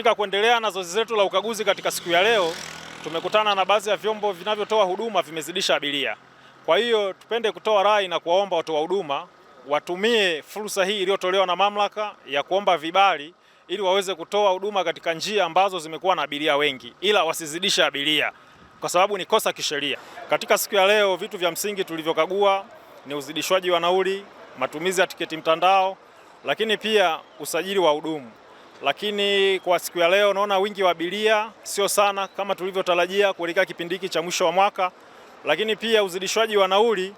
Katika kuendelea na zoezi zetu la ukaguzi katika siku ya leo, tumekutana na baadhi ya vyombo vinavyotoa huduma vimezidisha abiria. Kwa hiyo tupende kutoa rai na kuwaomba watoa huduma watumie fursa hii iliyotolewa na mamlaka ya kuomba vibali ili waweze kutoa huduma katika njia ambazo zimekuwa na abiria wengi, ila wasizidisha abiria kwa sababu ni kosa kisheria. Katika siku ya leo, vitu vya msingi tulivyokagua ni uzidishwaji wa nauli, matumizi ya tiketi mtandao, lakini pia usajili wa hudumu lakini kwa siku ya leo naona wingi wa abiria sio sana kama tulivyotarajia kuelekea kipindi hiki cha mwisho wa mwaka, lakini pia uzidishwaji wa nauli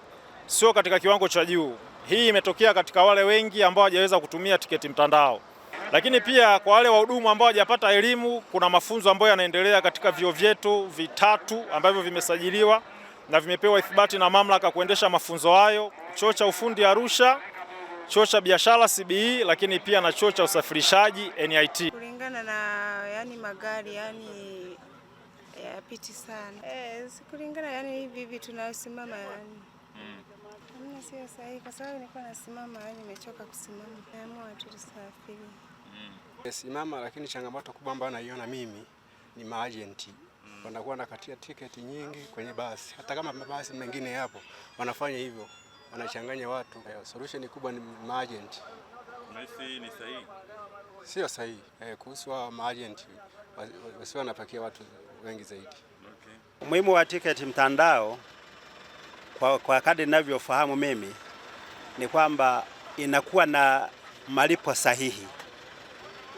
sio katika kiwango cha juu. Hii imetokea katika wale wengi ambao hawajaweza kutumia tiketi mtandao, lakini pia kwa wale wahudumu ambao hawajapata elimu, kuna mafunzo ambayo yanaendelea katika vyuo vyetu vitatu ambavyo vimesajiliwa na vimepewa ithibati na mamlaka kuendesha mafunzo hayo, chuo cha ufundi Arusha, chuo cha biashara CBE, lakini pia na chuo cha usafirishaji NIT. Kulingana na yani magari yani yapiti sana eh, kulingana yani hivi hivi tunasimama yani Hamna sio sahihi kwa sababu nilikuwa nasimama yani nimechoka kusimama. Naamua tu tusafiri. Nimesimama lakini changamoto kubwa ambayo naiona mimi ni maajenti. Wanakuwa nakatia tiketi nyingi kwenye basi. Hata kama mabasi mengine yapo wanafanya hivyo wanachanganya watu. Eh, solution kubwa ni maagent. Unahisi ni sahihi? Sio sahihi eh, kuhusu wa maagent wasio wanapakia watu wengi zaidi. Okay. Umuhimu wa tiketi mtandao kwa, kwa kadri ninavyofahamu mimi ni kwamba inakuwa na malipo sahihi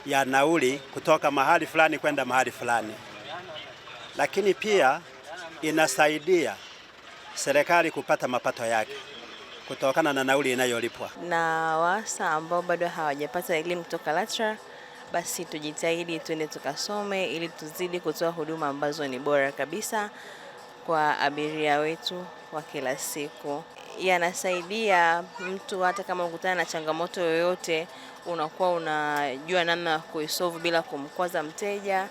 ya nauli kutoka mahali fulani kwenda mahali fulani, lakini pia inasaidia serikali kupata mapato yake kutokana na nauli inayolipwa. Na wasa ambao bado hawajapata elimu kutoka LATRA, basi tujitahidi tuende tukasome, ili tuzidi kutoa huduma ambazo ni bora kabisa kwa abiria wetu wa kila siku. Yanasaidia mtu hata kama ukutana na changamoto yoyote, unakuwa unajua namna ya kuisolve bila kumkwaza mteja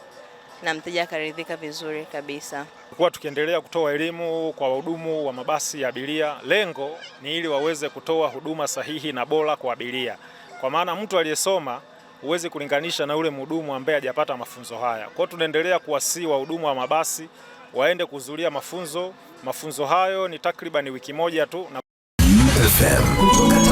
na mteja akaridhika vizuri kabisa. Kwa tukiendelea kutoa elimu kwa wahudumu wa mabasi ya abiria, lengo ni ili waweze kutoa huduma sahihi na bora kwa abiria, kwa maana mtu aliyesoma huwezi kulinganisha na yule mhudumu ambaye hajapata mafunzo haya. Kwa tunaendelea kuwasii wahudumu wa mabasi waende kuhudhuria mafunzo. Mafunzo hayo ni takribani wiki moja tu na